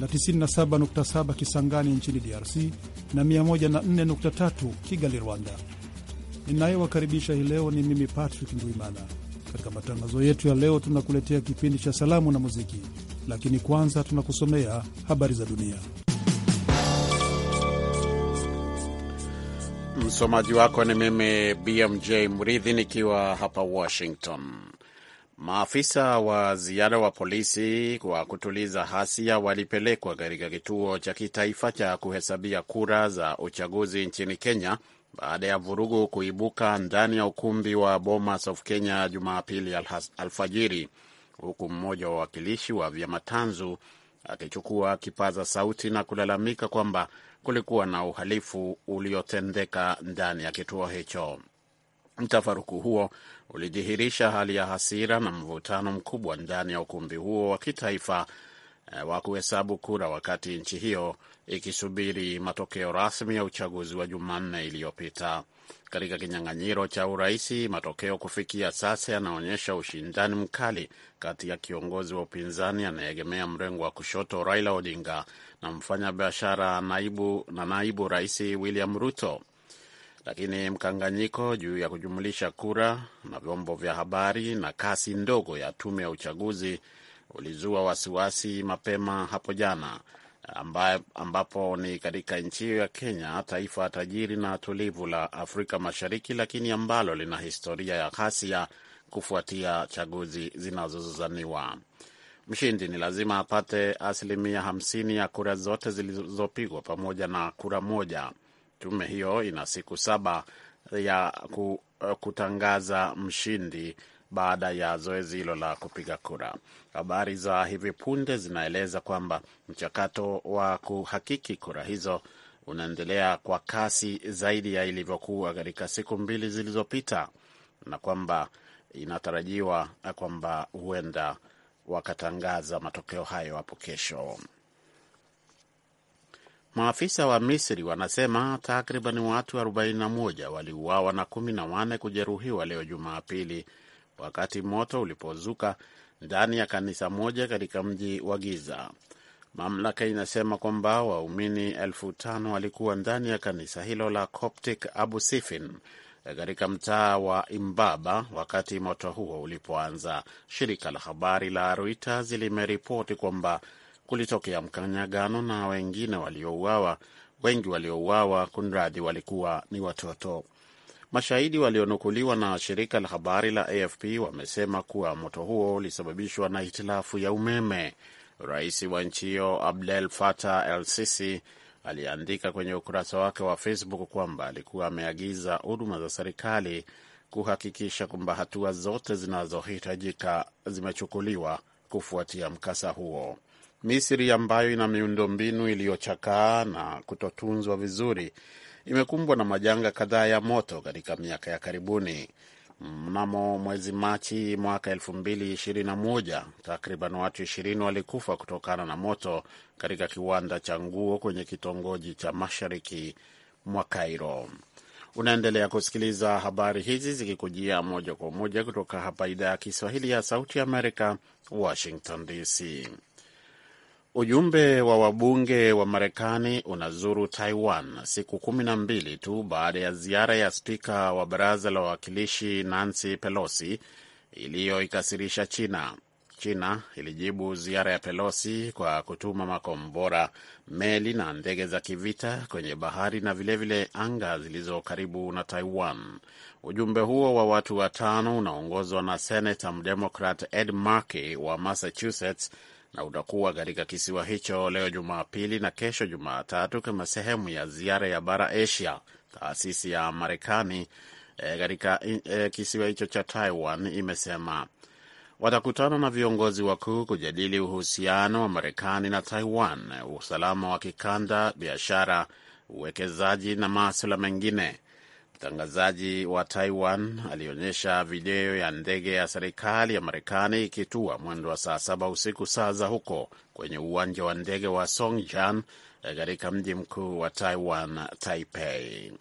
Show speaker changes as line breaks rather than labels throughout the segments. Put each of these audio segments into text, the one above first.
na 97.7 Kisangani nchini DRC na 104.3 Kigali, Rwanda. Ninayewakaribisha hii leo ni mimi Patrick Ndwimana. Katika matangazo yetu ya leo, tunakuletea kipindi cha salamu na muziki, lakini kwanza tunakusomea habari za dunia.
Msomaji wako ni mimi BMJ Mridhi nikiwa hapa Washington. Maafisa wa ziada wa polisi wa kutuliza hasia walipelekwa katika kituo cha kitaifa cha kuhesabia kura za uchaguzi nchini Kenya baada ya vurugu kuibuka ndani ya ukumbi wa Bomas of Kenya Jumapili alfajiri, huku mmoja wa wawakilishi wa vyama tanzu akichukua kipaza sauti na kulalamika kwamba kulikuwa na uhalifu uliotendeka ndani ya kituo hicho. Mtafaruku huo ulidhihirisha hali ya hasira na mvutano mkubwa ndani ya ukumbi huo wa kitaifa eh, wa kuhesabu kura, wakati nchi hiyo ikisubiri matokeo rasmi ya uchaguzi wa Jumanne iliyopita. Katika kinyang'anyiro cha uraisi, matokeo kufikia sasa yanaonyesha ushindani mkali kati ya kiongozi wa upinzani anayeegemea mrengo wa kushoto Raila Odinga na mfanyabiashara naibu na naibu rais William Ruto lakini mkanganyiko juu ya kujumulisha kura na vyombo vya habari na kasi ndogo ya tume ya uchaguzi ulizua wasiwasi mapema hapo jana ambapo ni katika nchi hiyo ya Kenya, taifa tajiri na tulivu la Afrika Mashariki, lakini ambalo lina historia ya ghasia kufuatia chaguzi zinazozozaniwa. Mshindi ni lazima apate asilimia hamsini ya kura zote zilizopigwa pamoja na kura moja Tume hiyo ina siku saba ya eh, kutangaza mshindi baada ya zoezi hilo la kupiga kura. Habari za hivi punde zinaeleza kwamba mchakato wa kuhakiki kura hizo unaendelea kwa kasi zaidi ya ilivyokuwa katika siku mbili zilizopita, na kwamba inatarajiwa kwamba huenda wakatangaza matokeo hayo hapo kesho. Maafisa wa Misri wanasema takriban watu 41 waliuawa na 14 kujeruhiwa leo Jumapili wakati moto ulipozuka ndani ya kanisa moja katika mji wa Giza. Mamlaka inasema kwamba waumini elfu tano walikuwa ndani ya kanisa hilo la Coptic Abu Sifin katika mtaa wa Imbaba wakati moto huo ulipoanza. Shirika la habari la Reuters limeripoti kwamba kulitokea mkanyagano na wengine waliouawa, wengi waliouawa kunradhi, walikuwa ni watoto. Mashahidi walionukuliwa na shirika la habari la AFP wamesema kuwa moto huo ulisababishwa na hitilafu ya umeme. Rais wa nchi hiyo Abdel Fattah El Sisi aliandika kwenye ukurasa wake wa Facebook kwamba alikuwa ameagiza huduma za serikali kuhakikisha kwamba hatua zote zinazohitajika zimechukuliwa kufuatia mkasa huo. Misri ambayo ina miundombinu iliyochakaa na kutotunzwa vizuri imekumbwa na majanga kadhaa ya moto katika miaka ya karibuni. Mnamo mwezi Machi mwaka 2021 takriban watu 20 walikufa kutokana na moto katika kiwanda cha nguo kwenye kitongoji cha mashariki mwa Kairo. Unaendelea kusikiliza habari hizi zikikujia moja kwa moja kutoka hapa idhaa ya Kiswahili ya Sauti ya Amerika, Washington DC. Ujumbe wa wabunge wa Marekani unazuru Taiwan siku kumi na mbili tu baada ya ziara ya spika wa baraza la wawakilishi Nancy Pelosi iliyoikasirisha China. China ilijibu ziara ya Pelosi kwa kutuma makombora, meli na ndege za kivita kwenye bahari na vilevile vile anga zilizo karibu na Taiwan. Ujumbe huo wa watu watano unaongozwa na senata mdemokrat Ed Markey wa Massachusetts na utakuwa katika kisiwa hicho leo Jumapili na kesho Jumatatu kama sehemu ya ziara ya bara Asia. Taasisi ya Marekani e, katika e, kisiwa hicho cha Taiwan imesema watakutana na viongozi wakuu kujadili uhusiano wa Marekani na Taiwan, usalama wa kikanda, biashara, uwekezaji na maswala mengine. Mtangazaji wa Taiwan alionyesha video ya ndege ya serikali ya Marekani ikitua mwendo wa saa saba usiku saa za huko kwenye uwanja wa ndege wa jan eh, katika mji mkuu wa Taiwan, Taipei.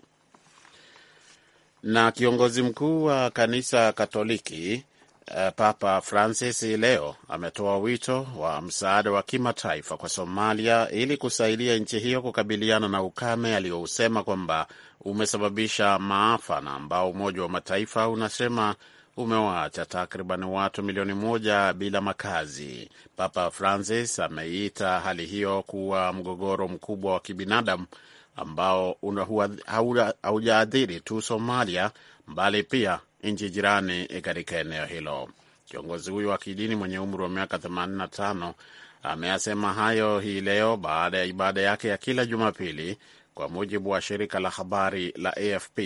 Na kiongozi mkuu wa kanisa Katoliki Eh, Papa Francis leo ametoa wito wa msaada wa kimataifa kwa Somalia ili kusaidia nchi hiyo kukabiliana na ukame aliyousema kwamba umesababisha maafa na ambao Umoja wa Mataifa unasema umewaacha takriban watu milioni moja bila makazi. Papa Francis ameiita hali hiyo kuwa mgogoro mkubwa wa kibinadamu ambao haujaadhiri tu Somalia mbali pia nchi jirani eh, katika eneo hilo. Kiongozi huyo wa kidini mwenye umri wa miaka 85 ameyasema hayo hii leo baada ya ibada yake ya kila Jumapili, kwa mujibu wa shirika la habari la AFP.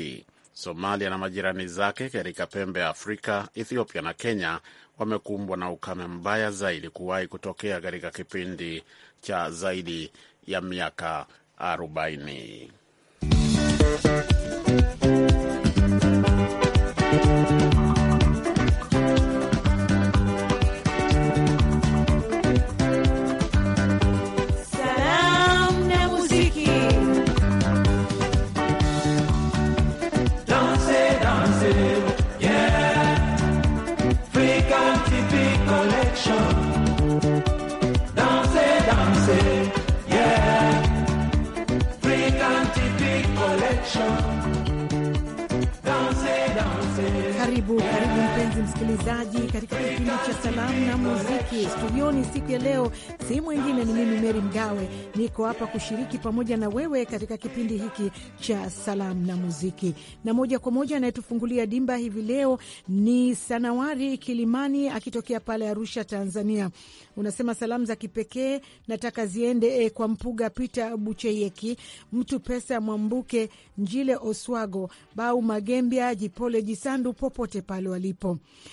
Somalia na majirani zake katika pembe ya Afrika, Ethiopia na Kenya wamekumbwa na ukame mbaya zaidi kuwahi kutokea katika kipindi cha zaidi ya miaka 40.
msikilizaji, katika kipindi cha salamu na muziki studioni siku ya leo, si mwingine ni mimi Meri Mgawe. Niko hapa kushiriki pamoja na wewe katika kipindi hiki cha salamu na muziki, na moja kwa moja anayetufungulia dimba hivi leo ni Sanawari Kilimani akitokea pale Arusha, Tanzania. Unasema salamu za kipekee nataka ziende e, kwa Mpuga Peter Bucheyeki, Mtu Pesa Mwambuke, Njile Oswago, Bau Magembia, Jipole Jisandu, popote pale walipo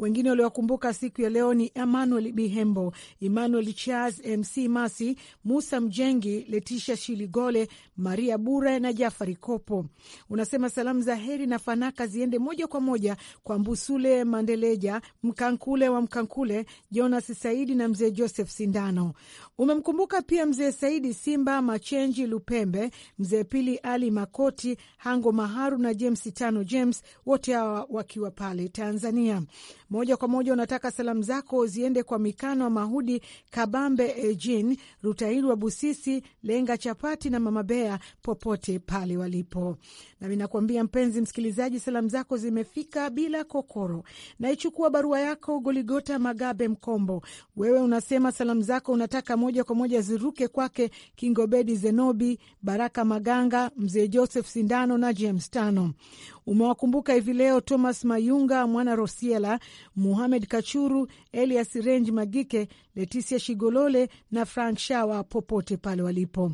Wengine waliwakumbuka siku ya leo ni Emmanuel Bihembo, Emmanuel Charles, Mc Masi, Musa Mjengi, Letisha Shiligole, Maria Bure na Jafari Kopo. Unasema salamu za heri na fanaka ziende moja kwa moja kwa Mbusule Mandeleja, Mkankule wa Mkankule, Jonas Saidi na mzee Joseph Sindano. Umemkumbuka pia mzee Saidi Simba Machenji Lupembe, mzee Pili Ali Makoti, Hango Maharu na James Tano James, wote hawa wakiwa pale Tanzania. Moja kwa moja unataka salamu zako ziende kwa Mikano wa Mahudi, Kabambe, Ejin Rutairu wa Busisi, Lenga Chapati na Mama Bea popote pale walipo. Nami nakuambia mpenzi msikilizaji, salamu zako zimefika bila kokoro. Naichukua barua yako Goligota Magabe Mkombo. Wewe unasema salamu zako unataka moja kwa moja ziruke kwake Kingobedi Zenobi, Baraka Maganga, Mzee Joseph Sindano na James Tano. Umewakumbuka hivi leo Thomas Mayunga, Mwana Rosiela Muhamed Kachuru, Elias Renji Magike, Letisia Shigolole na Frank Shawa popote pale walipo.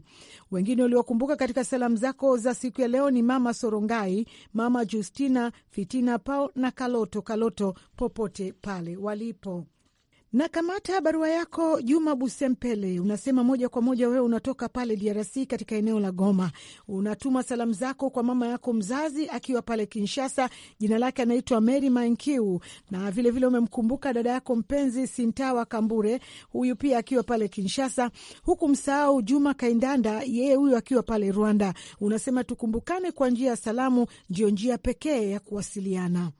Wengine waliokumbuka katika salamu zako za siku ya leo ni Mama Sorongai, Mama Justina Fitina Pao na Kaloto Kaloto popote pale walipo. Na kamata barua yako Juma Busempele, unasema moja kwa moja wewe unatoka pale DRC katika eneo la Goma. Unatuma salamu zako kwa mama yako mzazi akiwa pale Kinshasa, jina lake anaitwa Mary Mankiu, na vilevile umemkumbuka dada yako mpenzi Sintawa Kambure, huyu pia akiwa pale Kinshasa, huku msahau Juma Kaindanda, yeye huyu akiwa pale Rwanda. Unasema tukumbukane kwa njia ya salamu, ndio njia pekee ya kuwasiliana.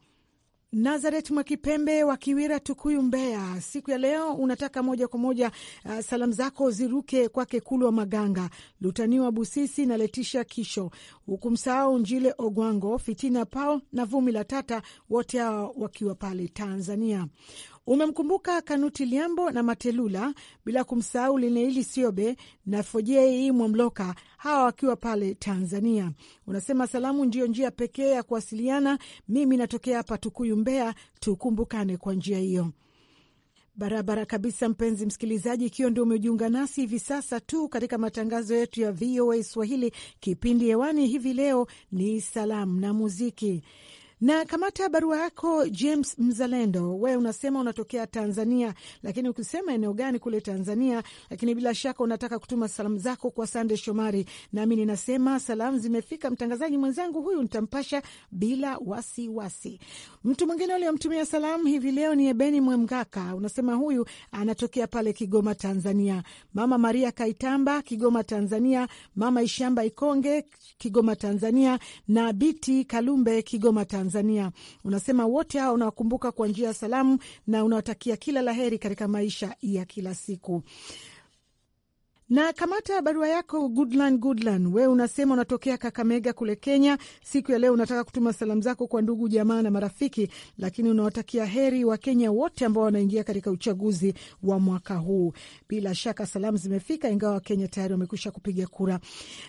Nazaret Mwakipembe wa Kiwira, Tukuyu, Mbeya, siku ya leo unataka moja kwa moja uh, salamu zako ziruke kwake Kulwa Maganga, Lutaniwa Busisi na Letisha Kisho, huku msahau Njile Ogwango, Fitina Pao na Vumi la Tata, wote hao wakiwa pale Tanzania. Umemkumbuka Kanuti Liambo na Matelula, bila kumsahau Lineili Siobe na Fojei Mwamloka, hawa wakiwa pale Tanzania. Unasema salamu ndiyo njia pekee ya kuwasiliana. Mimi natokea hapa Tukuyu, Mbeya, tukumbukane kwa njia hiyo. Barabara kabisa, mpenzi msikilizaji, ikiwa ndio umejiunga nasi hivi sasa tu katika matangazo yetu ya VOA Swahili, kipindi hewani hivi leo ni salamu na muziki na kamata ya barua yako James Mzalendo, wewe unasema unatokea Tanzania, lakini ukisema eneo gani kule Tanzania, lakini bila shaka unataka kutuma salamu zako kwa Sande Shomari, nami ninasema salamu zimefika. Mtangazaji mwenzangu huyu ntampasha bila wasiwasi wasi. Mtu mwingine uliomtumia salamu hivi leo ni Ebeni Mwemgaka, unasema huyu anatokea pale Kigoma, Tanzania. Mama Maria Kaitamba, Kigoma, Tanzania. Mama Ishamba Ikonge, Kigoma, Tanzania, na Biti Kalumbe, Kigoma, Tanzania. Tanzania. Unasema wote hao unawakumbuka kwa njia ya salamu na unawatakia kila laheri katika maisha ya kila siku. Na kamata barua yako Goodlan Goodlan, wewe unasema unatokea Kakamega kule Kenya. Siku ya leo unataka kutuma salamu zako kwa ndugu jamaa na marafiki, lakini unawatakia heri Wakenya wote ambao wanaingia katika uchaguzi wa mwaka huu. Bila shaka salamu zimefika, ingawa Wakenya tayari wamekwisha kupiga kura.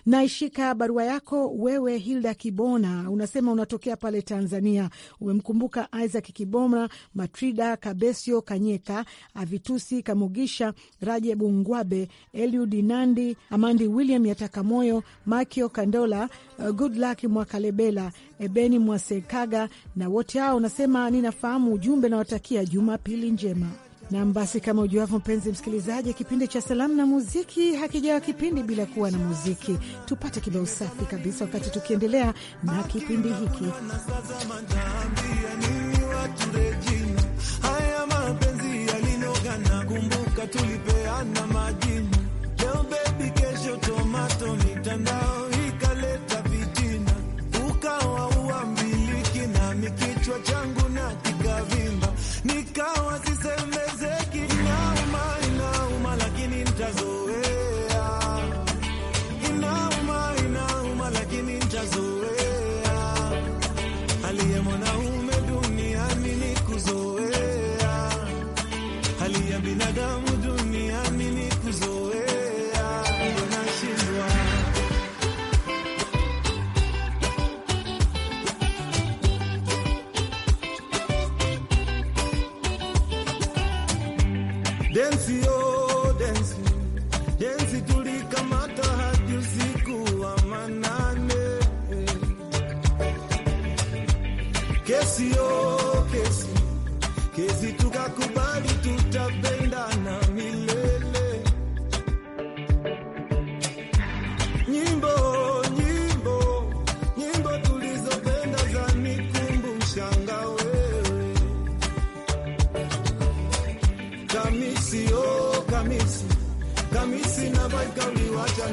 Naishika barua yako wewe Hilda Kibona, unasema unatokea pale Tanzania. Umemkumbuka Isaac Kibona, Matrida Kabesio, Kanyeka, Avitusi Kamugisha, Rajebu Ngwabe, Eliud Daudi Nandi, Amandi William Yatakamoyo, Makio Kandola, uh, Goodluck Mwakalebela, Ebeni Mwasekaga na wote hao unasema ninafahamu ujumbe, nawatakia Jumapili njema. Nam, basi kama ujuavyo, mpenzi msikilizaji, kipindi cha salamu na muziki hakijawa kipindi bila kuwa na muziki. Tupate kibao safi kabisa, wakati tukiendelea na kipindi hiki
haya mapenzi yalinoga na kumbuka, tulipeana majina baby, kesho tomato mitandao ikaleta vitina, ukawaua mbiliki na mikichwa changu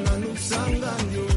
na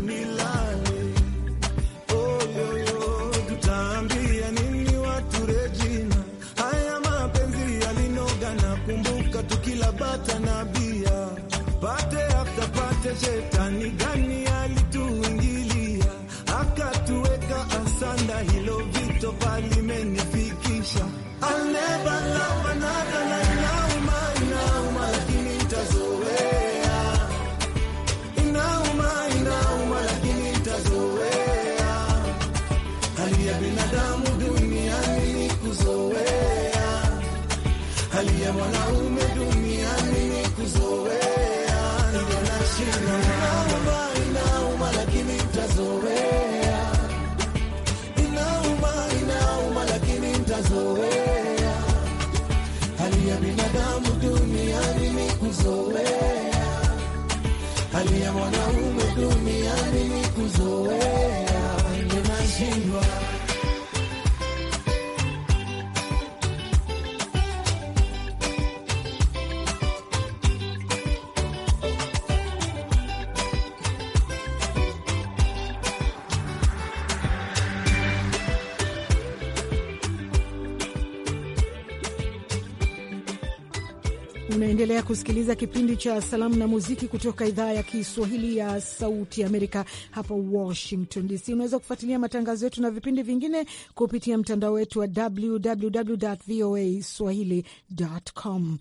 kusikiliza kipindi cha salamu na muziki kutoka idhaa ya Kiswahili ya Sauti Amerika hapa Washington DC. Unaweza kufuatilia matangazo yetu na vipindi vingine kupitia mtandao wetu wa www voa swahili.com.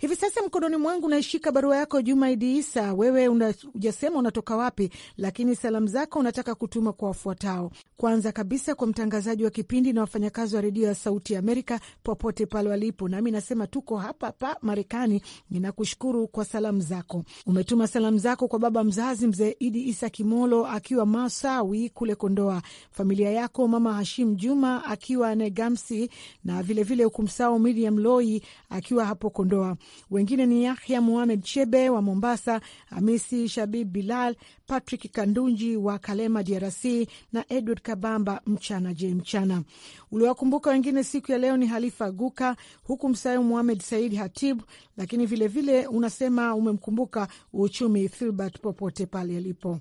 Hivi sasa mkononi mwangu naishika barua yako juma idi Isa. Wewe hujasema una, unatoka wapi, lakini salamu zako unataka kutuma kwa wafuatao. Kwanza kabisa kwa mtangazaji wa kipindi na wafanyakazi wa redio ya Sauti Amerika popote pale walipo, nami nasema tuko hapa pa Marekani. Ninakushukuru kwa salamu zako. Umetuma salamu zako kwa baba mzazi mzee Idi Isa Kimolo akiwa Masawi kule Kondoa, familia yako mama Hashim Juma akiwa Negamsi, na vilevile ukumsao Miriam Loi akiwa hapo Kondoa wengine ni Yahya Muhamed Shebe wa Mombasa, Hamisi Shabib Bilal, Patrick Kandunji wa Kalema, DRC na Edward Kabamba. Mchana je mchana uliwakumbuka wengine siku ya leo ni Halifa Guka, huku msayu Muhamed Said Hatib, lakini vilevile vile unasema umemkumbuka uchumi Filbert popote pale alipo.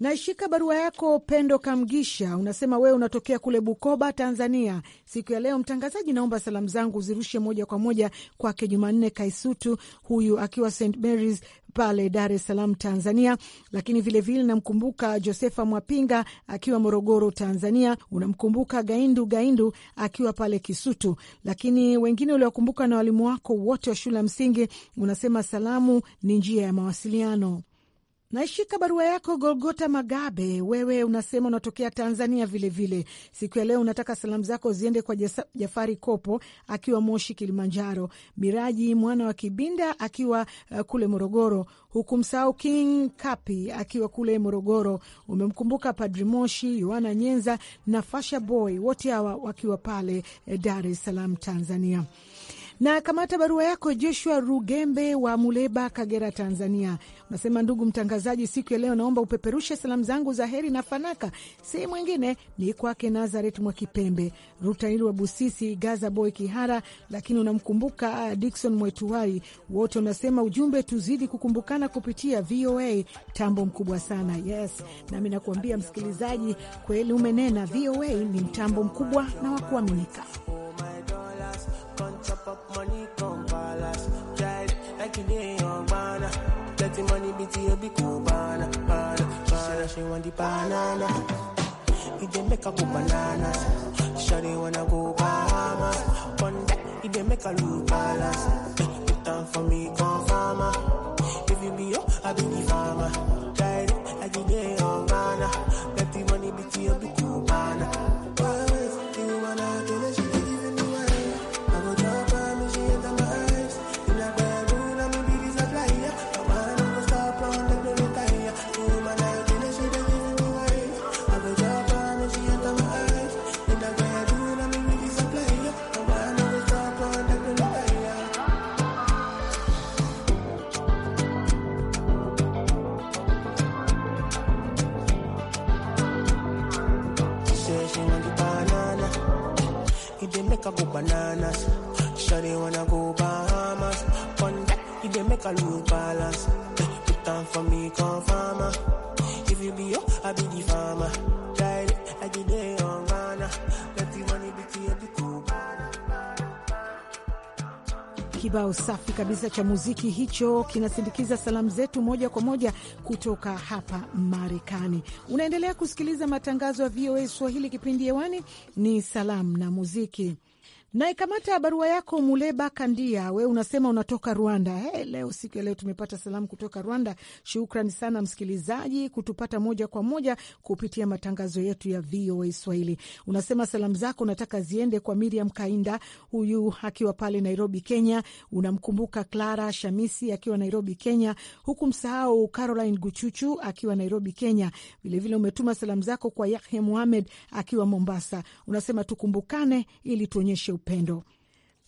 Naishika barua yako Pendo Kamgisha, unasema wewe unatokea kule Bukoba, Tanzania. Siku ya leo mtangazaji, naomba salamu zangu uzirushe moja kwa moja kwake Jumanne Kaisutu, huyu akiwa St Marys pale Dar es Salaam, Tanzania. Lakini vilevile namkumbuka Josefa Mwapinga akiwa Morogoro, Tanzania. Unamkumbuka Gaindu Gaindu akiwa pale Kisutu, lakini wengine uliwakumbuka na walimu wako wote wa shule ya msingi. Unasema salamu ni njia ya mawasiliano. Naishika barua yako Golgota Magabe. Wewe unasema unatokea Tanzania vilevile vile. Siku ya leo unataka salamu zako ziende kwa Jafari Kopo akiwa Moshi, Kilimanjaro, Miraji mwana wa Kibinda akiwa uh, kule Morogoro, huku hukumsahau King Kapi akiwa kule Morogoro. Umemkumbuka Padri Moshi, Yohana Nyenza na Fasha Boy, wote hawa wakiwa pale eh, Dar es Salaam, Tanzania. Na kamata barua yako Joshua Rugembe wa Muleba, Kagera, Tanzania. Nasema ndugu mtangazaji, siku ya leo naomba upeperushe salamu zangu za heri na fanaka, Sehemu mwingine ni kwake Nazaret Mwakipembe Rutaili wa Busisi, Gaza Boy Kihara, lakini unamkumbuka ah, Dikson Mwetuwai. Wote unasema ujumbe, tuzidi kukumbukana kupitia VOA. Tambo mkubwa sana. Yes, nami nakuambia msikilizaji, kweli umenena, VOA ni mtambo mkubwa na wa kuaminika.
up money come palace. try it like you day on banana. Dirty money be to you be cool banana, banana, She want the banana. If they make a go bananas. Shawty wanna go Bahamas. One day if they make a lose balance. it's time for me, farmer. If you be up, I be the farmer.
kabisa cha muziki hicho kinasindikiza salamu zetu moja kwa moja kutoka hapa Marekani. Unaendelea kusikiliza matangazo ya VOA Swahili, kipindi hewani ni salamu na muziki. Naikamata barua yako Muleba Kandia, we unasema unatoka Rwanda. Hey, eh, leo siku ya leo tumepata salamu kutoka Rwanda. Shukrani sana msikilizaji kutupata moja kwa moja kupitia matangazo yetu ya VOA Swahili. Unasema salamu zako unataka ziende kwa Miriam Kainda, huyu akiwa pale Nairobi, Kenya. Unamkumbuka Clara Shamisi akiwa Nairobi, Kenya, huku msahau Caroline Guchuchu akiwa Nairobi, Kenya. Vilevile vile umetuma salamu zako kwa Yahya Muhamed akiwa Mombasa. Unasema tukumbukane ili tuonyeshe upendo.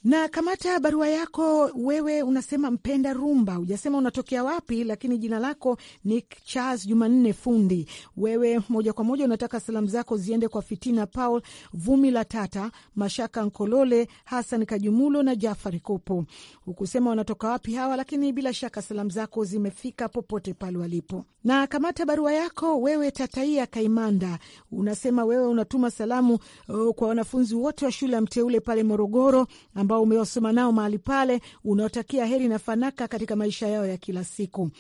na kamata barua yako. Wewe unasema mpenda rumba, hujasema unatokea wapi, lakini jina lako ni Charles Jumanne Fundi. Wewe moja kwa moja unataka salamu zako ziende kwa Fitina Paul, Vumi la Tata, Mashaka Nkolole, Hasan Kajumulo na Jafari Kopo. Hukusema wanatoka wapi hawa, lakini bila shaka salamu zako zimefika popote pale walipo. Na kamata barua yako wewe, Tataia Kaimanda, unasema wewe unatuma salamu uh, kwa wanafunzi wote wa shule ya mteule pale Morogoro ambao umewasoma nao mahali pale, unaotakia heri na fanaka katika maisha yao ya kila siku.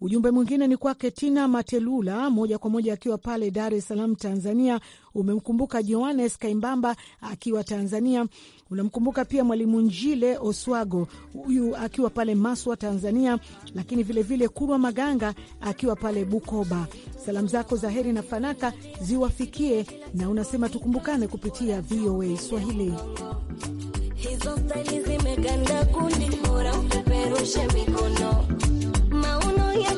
Ujumbe mwingine ni kwake Tina Matelula, moja kwa moja akiwa pale Dar es Salaam, Tanzania. Umemkumbuka Johannes Kaimbamba akiwa Tanzania. Unamkumbuka pia Mwalimu Njile Oswago, huyu akiwa pale Maswa, Tanzania, lakini vilevile Kurwa Maganga akiwa pale Bukoba. Salamu zako za heri na fanaka ziwafikie, na unasema tukumbukane kupitia VOA Swahili
hizo staili zimeganda kundi, bora upeperushe mikono, mauno ya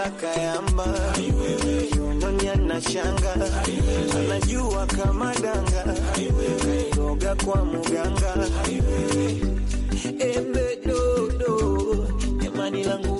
Sakayamba Yunonya na shanga anajua kama danga kairoga kwa muganga embedodo jamani langu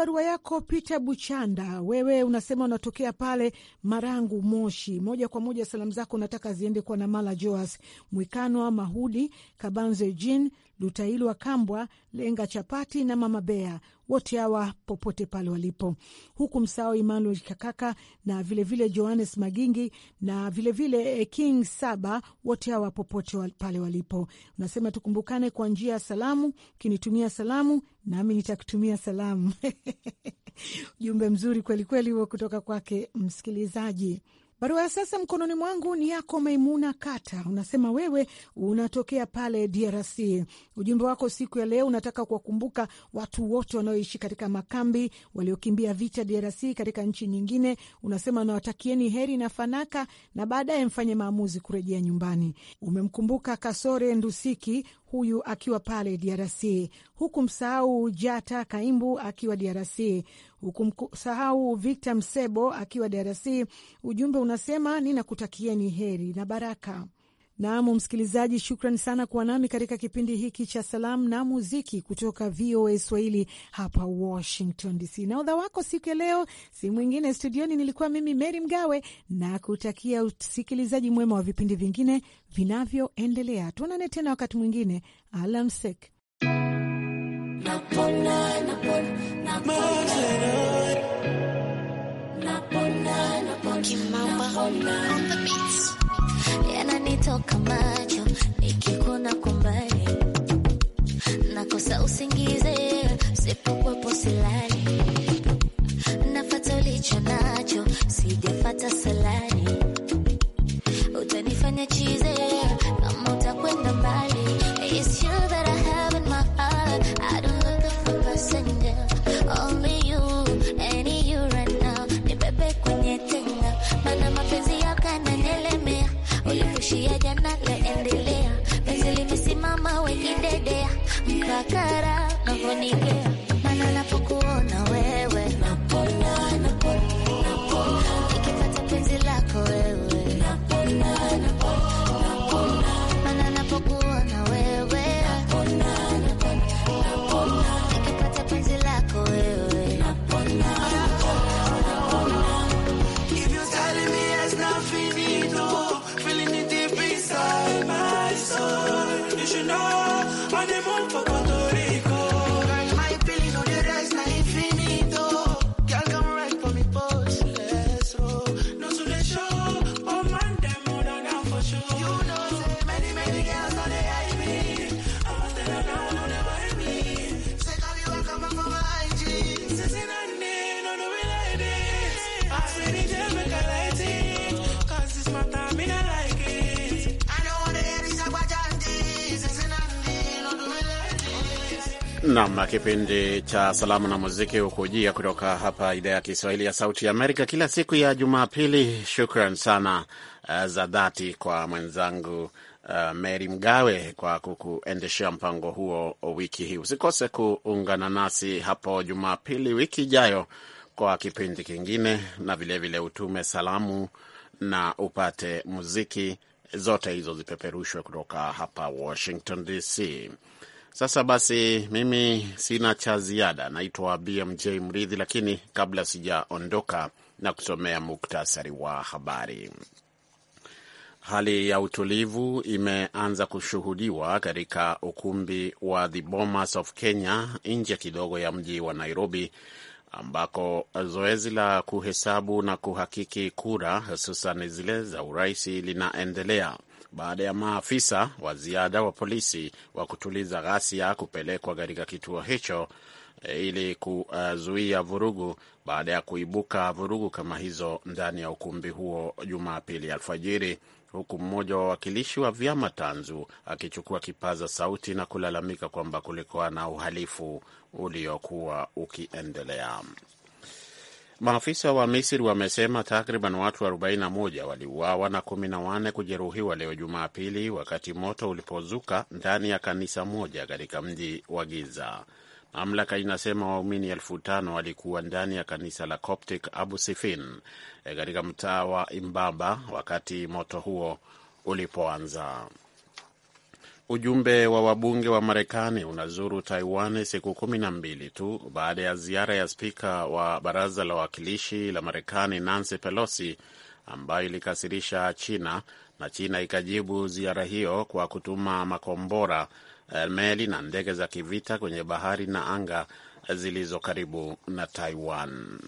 barua yako Peter Buchanda, wewe unasema unatokea pale Marangu, Moshi. Moja kwa moja salamu zako unataka ziende kwa Namala Joas Mwikanwa, Mahudi Kabanze, Jin Lutailwa Kambwa, Lenga Chapati na Mama Bea wote hawa popote pale walipo, huku msao Emmanuel Kakaka na vilevile vile Johannes Magingi na vilevile vile eh, King Saba, wote hawa popote pale walipo. Unasema tukumbukane kwa njia ya salamu, kinitumia salamu nami nitakutumia salamu. Jumbe mzuri kwelikweli huo kutoka kwake msikilizaji. Barua ya sasa mkononi mwangu ni yako Maimuna Kata, unasema wewe unatokea pale DRC. Ujumbe wako siku ya leo unataka kuwakumbuka watu wote wanaoishi katika makambi, waliokimbia vita DRC katika nchi nyingine. Unasema unawatakieni heri na fanaka, na baadaye mfanye maamuzi kurejea nyumbani. Umemkumbuka Kasore Ndusiki huyu akiwa pale DRC, huku msahau Jata Kaimbu akiwa DRC hukumsahau Victor Msebo akiwa DRC. Ujumbe unasema ninakutakieni heri na baraka. Naam, msikilizaji, shukran sana kuwa nami katika kipindi hiki cha salamu na muziki kutoka VOA Swahili hapa Washington DC. udha wako siku ya leo si mwingine studioni, nilikuwa mimi Meri Mgawe na kutakia usikilizaji mwema wa vipindi vingine vinavyoendelea. Tuonane tena wakati mwingine, alamsek.
napona, napona, napona.
yananitoka macho nikikuna kumbali nakosa usingize sipokuwepo silali nafata ulicho nacho sijafata
Nam, kipindi cha salamu na muziki hukujia kutoka hapa idhaa ya Kiswahili ya Sauti ya Amerika kila siku ya Jumapili. Shukran sana uh, za dhati kwa mwenzangu uh, Mary Mgawe kwa kukuendeshea mpango huo wiki hii. Usikose kuungana nasi hapo Jumapili wiki ijayo kwa kipindi kingine, na vilevile vile utume salamu na upate muziki. Zote hizo zipeperushwe kutoka hapa Washington DC. Sasa basi, mimi sina cha ziada. Naitwa BMJ Mridhi, lakini kabla sijaondoka na kusomea muktasari wa habari. Hali ya utulivu imeanza kushuhudiwa katika ukumbi wa The Bomas of Kenya nje kidogo ya mji wa Nairobi, ambako zoezi la kuhesabu na kuhakiki kura hususan zile za uraisi linaendelea baada ya maafisa wa ziada wa polisi wa kutuliza ghasia kupelekwa katika kituo hicho eh, ili kuzuia vurugu baada ya kuibuka vurugu kama hizo ndani ya ukumbi huo Jumapili alfajiri, huku mmoja wa wawakilishi wa vyama tanzu akichukua kipaza sauti na kulalamika kwamba kulikuwa na uhalifu uliokuwa ukiendelea. Maafisa wa Misri wamesema takriban watu 41 waliuawa na 14 kujeruhiwa leo Jumapili wakati moto ulipozuka ndani ya kanisa moja katika mji wa Giza. Mamlaka inasema waumini elfu tano walikuwa ndani ya kanisa la Coptic Abu Sifin eh, katika mtaa wa Imbaba wakati moto huo ulipoanza. Ujumbe wa wabunge wa Marekani unazuru Taiwan siku kumi na mbili tu baada ya ziara ya spika wa baraza la wawakilishi la Marekani Nancy Pelosi ambayo ilikasirisha China na China ikajibu ziara hiyo kwa kutuma makombora, eh, meli na ndege za kivita kwenye bahari na anga zilizo karibu na Taiwan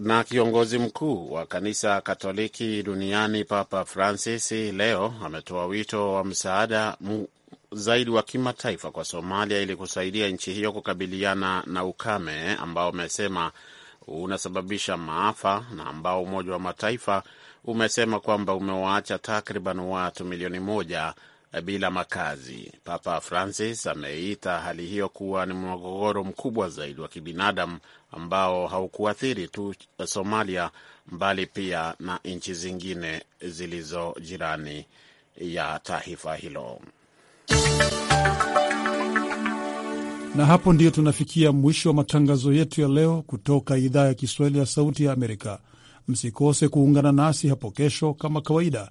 na kiongozi mkuu wa kanisa Katoliki duniani Papa Francis leo ametoa wito wa msaada zaidi wa kimataifa kwa Somalia ili kusaidia nchi hiyo kukabiliana na ukame ambao amesema unasababisha maafa na ambao Umoja wa Mataifa umesema kwamba umewaacha takriban watu milioni moja bila makazi. Papa Francis ameita hali hiyo kuwa ni mgogoro mkubwa zaidi wa kibinadamu ambao haukuathiri tu Somalia mbali pia na nchi zingine zilizo jirani ya taifa hilo. Na
hapo ndiyo tunafikia mwisho wa matangazo yetu ya leo kutoka idhaa ya Kiswahili ya Sauti ya Amerika. Msikose kuungana nasi hapo kesho kama kawaida